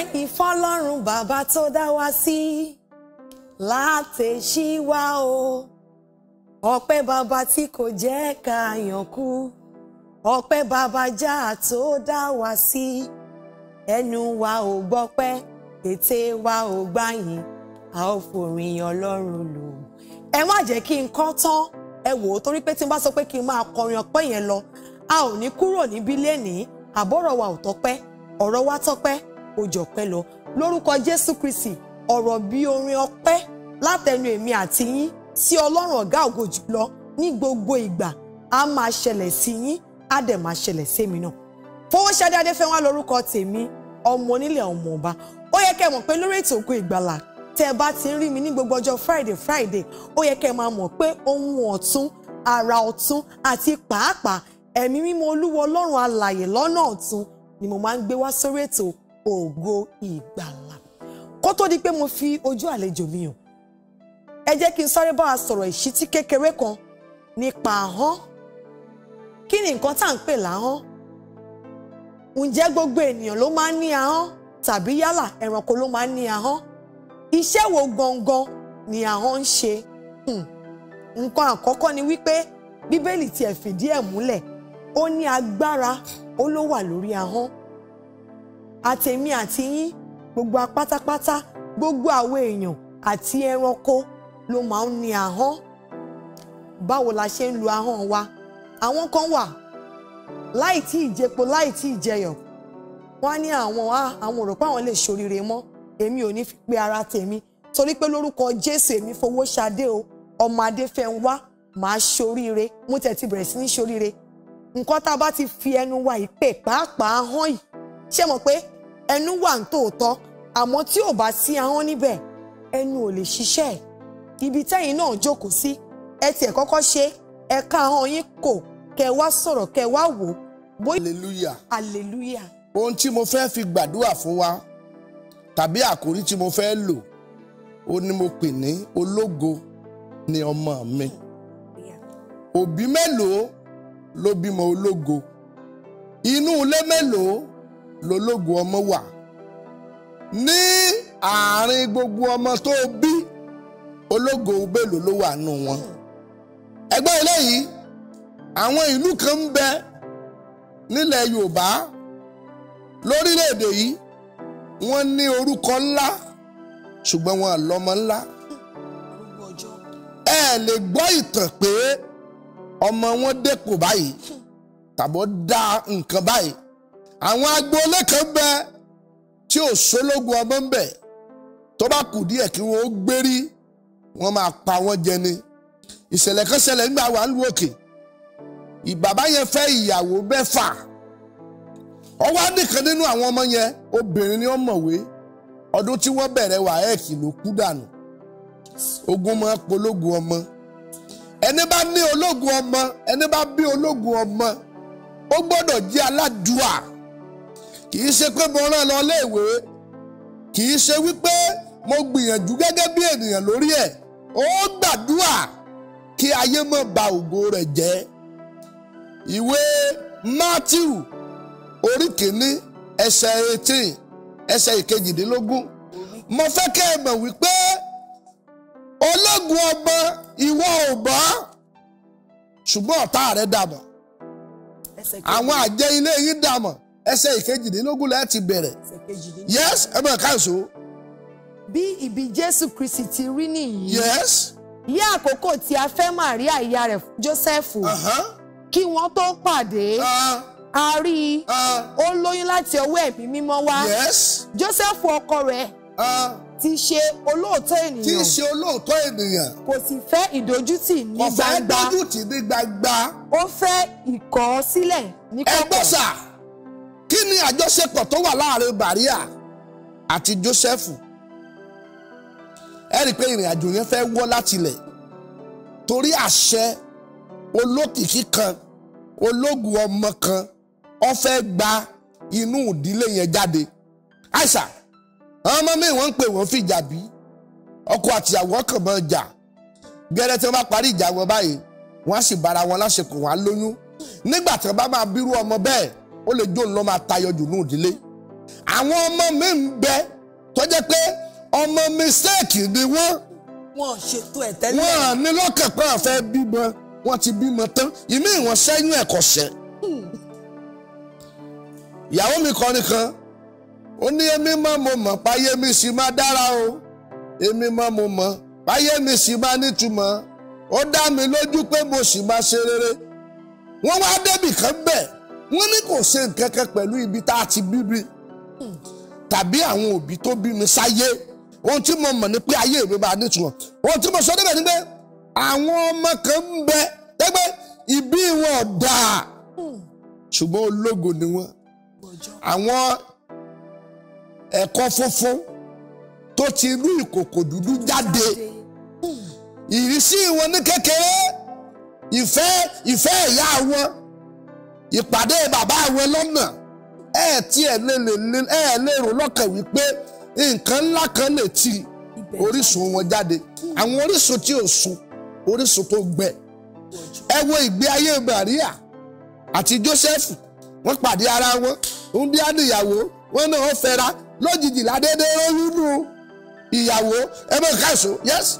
ẹ̀yìn fọlọ́run bàbá tó dá wa sí láti ṣí wa o ọpẹ́ bàbá tí kò jẹ́ ká yànkú ọpẹ́ bàbá já tó dá wa sí ẹnu wa ò gbọ́pẹ́ ètè wa ò gbàyìn a ò forin ọlọ́run lò ẹ má jẹ́ kí n kọ́ tán ẹ wò ó torí pé tí n bá sọ pé kí n máa kọrin ọpẹ́ yẹn lọ a ò ní kúrò níbí lẹ́nìí àbọ̀rọ̀ wa ò tọ́pẹ́ ọ̀rọ̀ wa tọ́pẹ́ Ojo jọpẹ́ lọ lórúkọ jésù kristi ọ̀rọ̀ bíi orin ọpẹ́ látẹnu èmi àti yín sí ọlọ́run ọ̀gá ògo jùlọ ní gbogbo ìgbà a máa ṣẹlẹ̀ sí yín á dẹ̀ máa ṣẹlẹ̀ sẹ́mi náà Fowóṣadé Adéfẹ́nwá lórúkọ tèmi ọmọ onílẹ̀ ọmọ ọba ó yẹ kẹ́ mọ̀ pé lórí ètò Ògo Ìgbàlà tẹ́ bá ti rí mi ní gbogbo ọjọ́ Friday Friday ó yẹ kẹ́ máa mọ̀ pé ohun ọ̀tún ara ọ̀tún àti pàápàá ẹ̀mí mímọ́ Olúwa Ọlọ́run alààyè lọ́nà ọ̀tún ni mo máa ń gbé wá sórí ètò ògo ìgbàlà kó tó di pé mo fi ojú àlejò mi hàn ẹ jẹ́ kí n sáré bá sọ̀rọ̀ ìṣítí kékeré kan nípa ahọ́n kí ni nǹkan tá à ń pè láhọ́n ǹjẹ́ gbogbo ènìyàn ló máa ń ní ahọ́n tàbí yálà ẹranko ló máa ń ní ahọ́n iṣẹ́ wo gangan ni ahọ́n ń ṣe hmm. nǹkan àkọ́kọ́ ni wípé bíbélì tiẹ̀ fìdí ẹ̀ múlẹ̀ ó ní agbára ó ló wà lórí ahọ́n àtèmi àti yín gbogbo apátápátá gbogbo àwọn èèyàn àti ẹranko ló máa ń ní ahọ́n báwo la ṣe ń lo ahọ́n wa àwọn kan wà láì tí ì jẹpo láì tí ì jẹyọ wọn á ní àwọn á ah, àwọn ò rò pé àwọn lè ṣoríire mọ́ èmi ò ní fi pé ara tèmi torí pé lórúkọ Jésù èmi fowó ṣadé o ọmọ adé fẹ́ ń wá màá ṣoríire mo tẹ̀ ti bẹ̀rẹ̀ sí ní ṣoríire nǹkan tá a bá ti fi ẹnu wa ìpè pàápàá hàn yìí ṣé mọ̀ pé ẹnu wà ń tòótọ́ àmọ́ tí ò bá sí ahọ́n níbẹ̀ ẹnu ò lè ṣiṣẹ́ ibi tẹ́yìn náà jókòó sí ẹ tiẹ̀ kọ́kọ́ ṣe ẹ ahọ́n yín kò kẹ wá sọ̀rọ̀ kẹ wá wò ó bóyá. hallelujah. hallelujah. ohun tí mo fẹ́ fi gbàdúrà fún wa tàbí àkórí tí mo fẹ́ lò ó ní mo pè ní ológo ni ọmọ mi òbí mélòó ló bímọ ológo inú ilé mélòó lológun ọmọ wà ní àárín gbogbo ọmọ tó bí ológo bélòó ló wà nù wọn ẹgbẹ́ eléyìí àwọn ìlú kan ń bẹ nílẹ̀ Yorùbá lórílẹ̀‐èdè yìí wọ́n ní orúkọ ńlá ṣùgbọ́n wọn lọ́mọ ńlá ẹ lè gbọ́ ìtàn pé ọmọ wọn dépò báyìí tàbí dá nǹkan báyìí àwọn agboolé kan bẹ tí ò sólógun ọmọ ń bẹ tó bá kù díẹ̀ kí wọ́n ó gbérí wọ́n máa pa wọ́n jẹ ni ìṣẹ̀lẹ̀ kan ṣẹlẹ̀ nígbà wà lù òkè ìbàbá yẹn fẹ́ ìyàwó mẹ́fà ọwọ́ adìkan nínú àwọn ọmọ yẹn obìnrin ni ó mọ̀wé ọdún tí wọ́n bẹ̀rẹ̀ wàhẹ́ẹ̀kì ló kú dànù ogun máa pológun ọmọ ẹni bá ní ológun ọmọ ẹni bá bí ológun ọmọ ó gbọ́dọ̀ jẹ́ aládùúà kì í ṣe pé mo rán lọ léèwé kì í ṣe wípé mo gbìyànjú gẹ́gẹ́ bí ènìyàn lórí ẹ̀ ó gbàdúrà kí ayé má ba ògo rẹ̀ jẹ́ ìwé Mátíù orí kìíní ẹsẹ̀ eighteen ẹsẹ̀ ìkejìdínlógún mo fẹ́ kẹ́ ẹ mọ̀ wípé ológun ọmọ ìwọ ò bọ́ ṣùgbọ́n ọ̀tá rẹ̀ dàmọ̀ àwọn àjẹ́ ilé yín dàmọ̀ ẹsẹ̀ ìkejìdínlógún láti bẹ̀rẹ̀ yes ẹ máa káàsó. bí ìbí jésù kristi ti rí nìyí. yes. yí àkókò tí a fẹ́ màríà ìyá rẹ̀ fún jósẹ́fù kí wọ́n tó pàdé a rí i ó lóyún láti ọwọ́ ẹ̀mí mímọ́ wá jósẹ́fù ọkọ rẹ̀ ti ṣe olóòótọ́ ènìyàn. ti ṣe olóòótọ́ ènìyàn. kò sì fẹ́ ìdójútì ní gbangba. kò fẹ́ ìdójútì ní gbangba. ó fẹ́ ìkọ̀ọ́sílẹ̀ ní kọ̀kọ̀. ẹ gbọ́sà kí ni àjọṣepọ̀ tó wà láàrin Maria àti Joseph ẹ rí i pé ìrìn àjò yẹn fẹ́ wọ́ látilẹ̀ torí àṣẹ olókìkí kan ológun ọmọ kan ó fẹ́ gba inú ìdílé yẹn jáde àìsà àwọn ọmọ mi wọ́n ń pè wọ́n fìjà bí ọkọ àtìyàwó kàn máa jà gẹ́rẹ́ tí wọ́n bá parí ìjà wọn báyìí wọ́n á sì bára wọn láṣepọ̀ wọn á lóyún nígbà tí wọ́n bá máa bírú ọmọ bẹ́ẹ̀ ó lè jó ńlọ máa tayọ jù ní òdílé àwọn ọmọ mi ń bẹ tó jẹ́ pé ọmọ mistake ni wọ́n wọ́n ṣètò ẹ̀ tẹ́lẹ̀ wọ́n ní lọ́kàn pé àwọn fẹ́ bímọ wọ́n ti bímọ tán ìmí ìwọ̀n sẹ́yìn ẹ̀kọ́ sẹ́ ìyàwó mi kọ́ nìkan ó ní èmi mọ́ mo mọ̀ páyé mi sì máa dára o èmi mọ́ mo mọ̀ páyé mi sì máa nítumọ̀ ó dá mi lójú pé mo sì máa ṣe rere wọ́n wá débì kan bẹ́ẹ̀ wọ́n ní kò ṣe nǹkan kan pẹ̀lú ibi tá a ti bí mi tàbí àwọn òbí tó bí mi sáyé ohun tí mo mọ̀ ni pé ayé mi máa nítumọ̀ ohun tí mo sọ débẹ̀ ni pé àwọn ọmọ kan ń bẹ ẹgbẹ́ ìbí wọn ọ̀dà ṣùgbọ́n ológo ni wọ́n àwọn ẹ̀kọ́ funfun tó ti rú ìkòkò dúdú jáde ìrísí wọn ní kékeré ìfẹ́ ìyá wọn ìpàdé bàbá àwọn lọ́nà ẹ tiẹ̀ lè lè ẹ lérò lọ́kàn wípé nǹkan ńlá kan lè ti orísun wọn jáde àwọn orísun tí ò sun orísun tó gbẹ ẹ wo ìgbé ayé Maria àti Joseph wọ́n pàdé ara wọn ń bí àdìyàwó wọn náà fẹ́ra lójijì ládédé rọrùnú ìyàwó ẹ bẹ káàsó yẹsì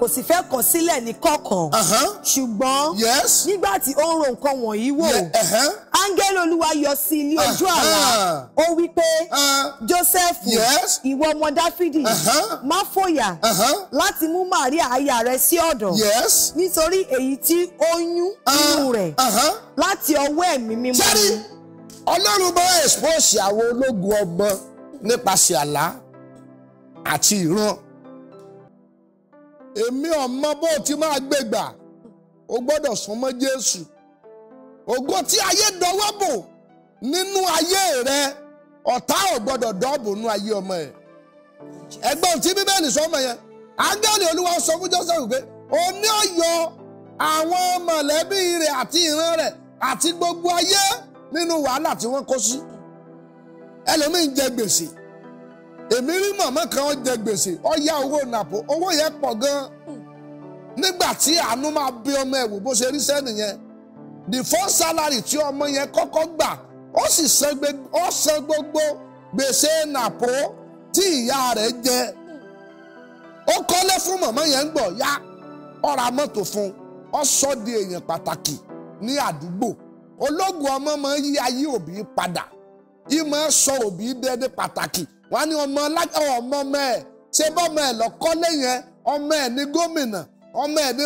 kò sì fẹ́ kọ̀ sílẹ̀ ní kọ̀ọ̀kan. Uh-huh. ṣùgbọ́n nígbà tí ó ń ro nǹkan wọ̀nyí wò uh-huh. áńgẹ́lì olúwa yọ sí i ní uh-huh. ojú àlá ó wí pé joseph ìwọ ọmọ dáfídì má fòyà láti mú maria aya rẹ sí ọ̀dọ̀ nítorí èyí tí ó yún nínú rẹ̀ láti ọwọ́ ẹ̀mí mímọ́. sẹ́ni ọlọ́run bá expose àwọn ológun ọgbọ́n nípasẹ̀ àlá àti ìran èmi ọmọ bó ti máa gbé gbà o gbọ́dọ̀ súnmọ́ Jésù ògo tí ayé dọwọ́ bò nínú ayé rẹ ọ̀tá ò gbọ́dọ̀ dọ́ọ̀bù nínú ayé ọmọ ẹ̀ ẹgbọ́n tí bíbélì sọmọ yẹn áńgẹ́lì olúwa sọ fún Jósẹ́fù pé o ní ọ̀yọ́ àwọn mọ̀lẹ́bí rẹ̀ àti ìran rẹ̀ àti gbogbo ayé nínú wàhálà tí wọ́n kó sí ẹlòmíín jẹ gbèsè èmi rí màmá kan ó jẹ gbèsè ó yá owó nàpò owó yẹn pọ̀ gan nígbà tí àánú máa bí ọmọ ẹ̀wò bó ṣe rí sẹ́ni yẹn the first salary tí ọmọ yẹn kọ́kọ́ gbà ó sì san gbogbo gbèsè nàpò tí ìyá rẹ̀ jẹ ó kọ́lé fún màmá yẹn ń gbọ̀ yá ó mọ́tò fún ó sọ di èèyàn pàtàkì ní àdúgbò ológun ọmọ máa ń yí ayé òbí padà yìí máa sọ òbí dẹ́ni pàtàkì wọ́n á ní ọmọ ọmọ ọmọ ẹ̀ ṣe bọ́mọ ẹ̀ lọ́kọ́lé yẹn ọmọ ẹ̀ ní gómìnà ọmọ ẹ̀ ní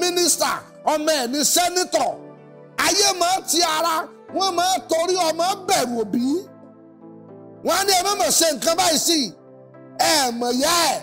mínísítà ọmọ ẹ̀ ní sẹ́nítọ̀ ayé máa ti ara wọ́n máa torí ọmọ bẹ̀rù òbí wọ́n á ní ẹ má mọ̀ ṣe nǹkan báyìí sí ẹ̀ mọ̀ yá ẹ̀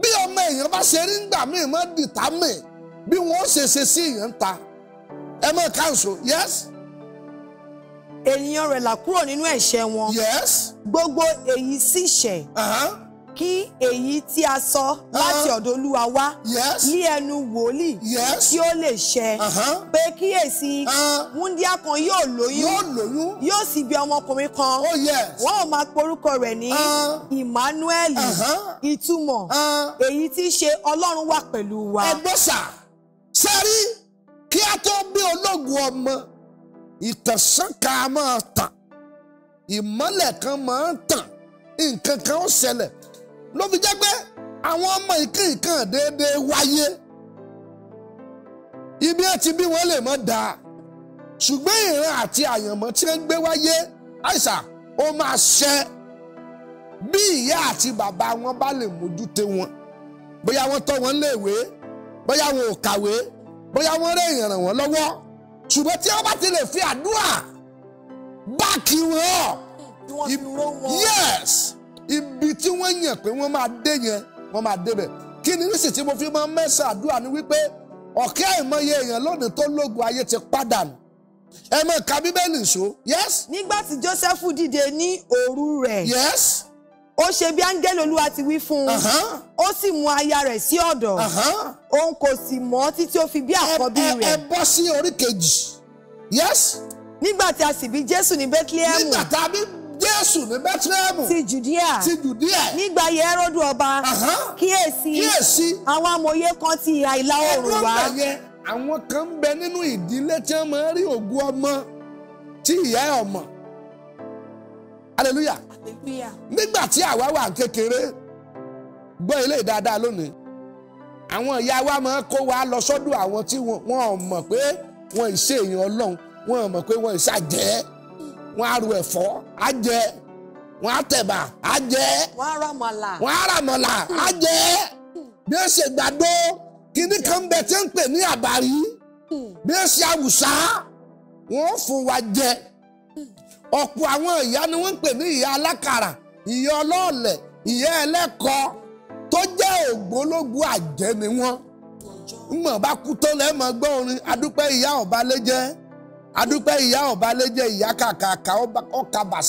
bí ọmọ èèyàn bá ṣe rí ńgbà míì mọ́ dìtámì bí wọ́n ṣe ṣe sí èèyàn ta ẹ mọ̀ yẹ́sì ènìyàn rẹ̀ là kúrò nínú ẹ̀ṣẹ̀ wọn. yes. gbogbo èyí sì ṣẹ̀. Uh-huh. kí èyí tí a sọ uh-huh. láti ọ̀dọ̀ Olúwa wá. yes. ní ẹnu wòlíì. yes. kí ó lè ṣẹ. Uh-huh. pé kíyèsí wúndíá kan yóò lóyún. yóò lóyún. yóò sì bí ọmọkùnrin kan. oh yes. wọn ò máa porúkọ rẹ̀ ní Emmanuel. ìtumọ̀ èyí tí í ṣe Ọlọ́run wà pẹ̀lú wa. ẹgbẹ́ sà sẹ́rí kí a tó bí ológun ọmọ ìtànṣán kan a máa tàn ìmọ́lẹ̀ kan máa ń tàn nǹkan kan ó ṣẹlẹ̀ ló fi jẹ́ pé àwọn ọmọ ìkíǹkan déédéé wáyé ibi ẹ ti bí wọn lè mọ dáa ṣùgbọ́n ìran àti àyànmọ́ tí wọ́n ń gbé wáyé àìsà ó máa ṣẹ bí ìyá àti bàbá wọn bá lè mójútó wọn bóyá wọ́n tọ́ wọn léèwé bóyá wọn ò kàwé bóyá wọ́n rẹ̀ èèyàn ràn wọ́n lọ́wọ́ ṣùgbọ́n tí wọ́n bá ti lè fi àdúrà báàkì wọn ọ̀ yes ibi tí wọ́n yàn pé wọ́n máa dé yẹn wọ́n máa débẹ̀ kí ni nísì tí mo fi máa mẹ́sàn àdúrà ni wípé ọ̀kẹ́ àìmọye èèyàn lónìí tó lógun ayé ti pàdánù ẹ mọ ka bíbélì ṣó. yes. nígbà tí Jósẹ́fù dìde ní òru rẹ̀. yes ó ṣe bí áńgẹ́lì olúwa ti wí fún un ó sì mú aya rẹ̀ sí ọ̀dọ̀ òun kò sì mọ̀ títí ó fi bí àkọ́bí rẹ̀. ẹ bọ́ sí orí kejì yes. nígbà tí a sì bí jésù ní bethlehem. nígbà tá a bí jésù ní bethlehem. ti judea ti judea. nígbà ayé herodu ọba. kíyèsí kíyèsí àwọn amòye kan ti ìhà ìlà oòrùn wá. ẹgbẹ́ yẹn àwọn kan ń bẹ nínú ìdílé tí wọ́n máa rí ògùn ọmọ tí ìyá ọmọ hallelujah hallelujah nígbà tí àwa wà kékeré gbọ́ ilé dáadáa lónìí àwọn ìyá wa máa kó wa lọ sọ́dọ̀ àwọn tí wọ́n ò mọ̀ pé wọ́n ìṣe èèyàn ọlọ́run wọ́n ò mọ̀ pé wọ́n ìṣe àjẹ́ wọ́n á ru ẹ̀fọ́ á jẹ wọ́n á tẹ̀bà á jẹ wọ́n á ràmọ̀là wọ́n á ràmọ̀là á jẹ bí ó ṣe gbàgbó kínní kan bẹ tí ń pè ní àbárí hmm. bí ó ṣe àwùsá wọ́n fún wa jẹ ọ̀pọ̀ àwọn ìyá ni wọ́n ń pè ní ìyá alákàrà ìyá ọlọ́ọ̀lẹ̀ ìyá ẹlẹ́kọ̀ọ́ tó jẹ́ ògbólógbò àjẹ́ ni wọ́n mọ̀ bá kú tó lẹ́mọ̀ gbọ́ orin adúpẹ́ ìyá ọba adúpẹ́ ìyá ọba lẹ́jẹ́ ìyá kàkàkà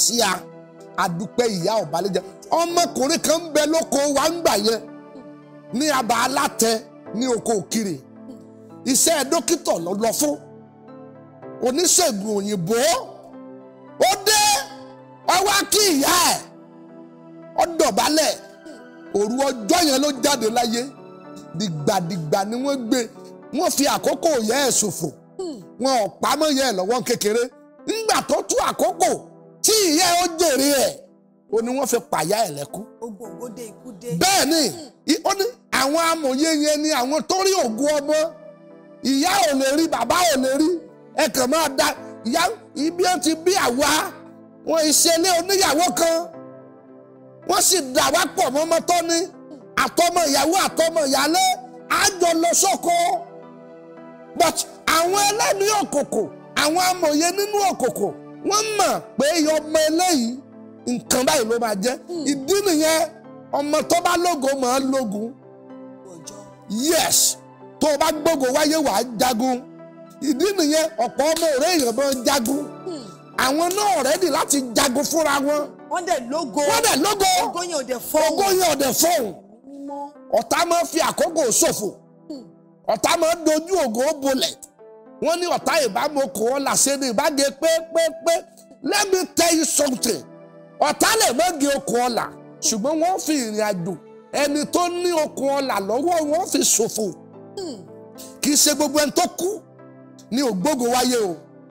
sí a. adúpẹ́ ìyá ọba ọmọkùnrin kan ń bẹ lóko wa ń gbà yẹn ní abà alátẹ ní oko òkiri iṣẹ́ dókítà lọ fún oníṣègùn òyìnbó bá kí ìyá ẹ̀ ó dọ̀bálẹ̀ òru ọjọ́ yẹn ló jáde láyé dìgbàdìgbà ni wọ́n gbé wọ́n fi àkókò yẹ ẹ̀ ṣòfò wọn ò pamọ́ yẹ ẹ̀ lọ́wọ́ kékeré nígbà tó tú àkókò tí ìyá ẹ̀ ó jèrè ẹ̀ ó ní wọ́n fi pàyà ẹ̀ lẹ́kú. bẹ́ẹ̀ ni ó ní àwọn amòye yẹn ni àwọn tó rí ògùn ọmọ ìyá ò lè rí bàbá ò lè rí ẹ kàn máa da ìyá ibi ó ti bí àwa wọn ìṣẹ̀lẹ̀ oníyàwó kan wọ́n sì dà wá pọ̀ mọ́mọ́ tọ́ ni àtọmọ ìyàwó àtọmọ ìyálé àjọ lọ sóko but àwọn ẹlẹ́mìí òkòkò àwọn amòye nínú òkòkò wọ́n mọ̀ pé ọmọ eléyìí nǹkan báyìí ló máa jẹ́ hmm. ìdí nìyẹn ọmọ tó bá lógo máa lógun yes tó bá gbógo wáyé wàá jagun ìdí nìyẹn ọ̀pọ̀ ọmọ òré èèyàn máa jagun. Hmm àwọn náà rẹ́dì láti jagun fúnra wọn. wọ́n dẹ̀ lógo wọ́n dẹ̀ lógo ogóyin ọ̀dẹ̀ fọ́hùn ogóyin ọ̀dẹ̀ fọ́hùn ọ̀tá máa fi àkókò ṣòfò hmm. ọ̀tá máa dojú ògo bolẹ̀ wọ́n ní ọ̀tá ìbámu kò wọ́n làṣẹ ní ìbáde pépépé let me tell you something ọ̀tá lè má gé okùn ọ̀la ṣùgbọ́n wọ́n fi ìrìn àjò ẹni tó ní okùn ọ̀la lọ́wọ́ wọ́n fi ṣòfò hmm. kì í ṣe gbogbo ẹni tó kú ní ògbógun wáyé o.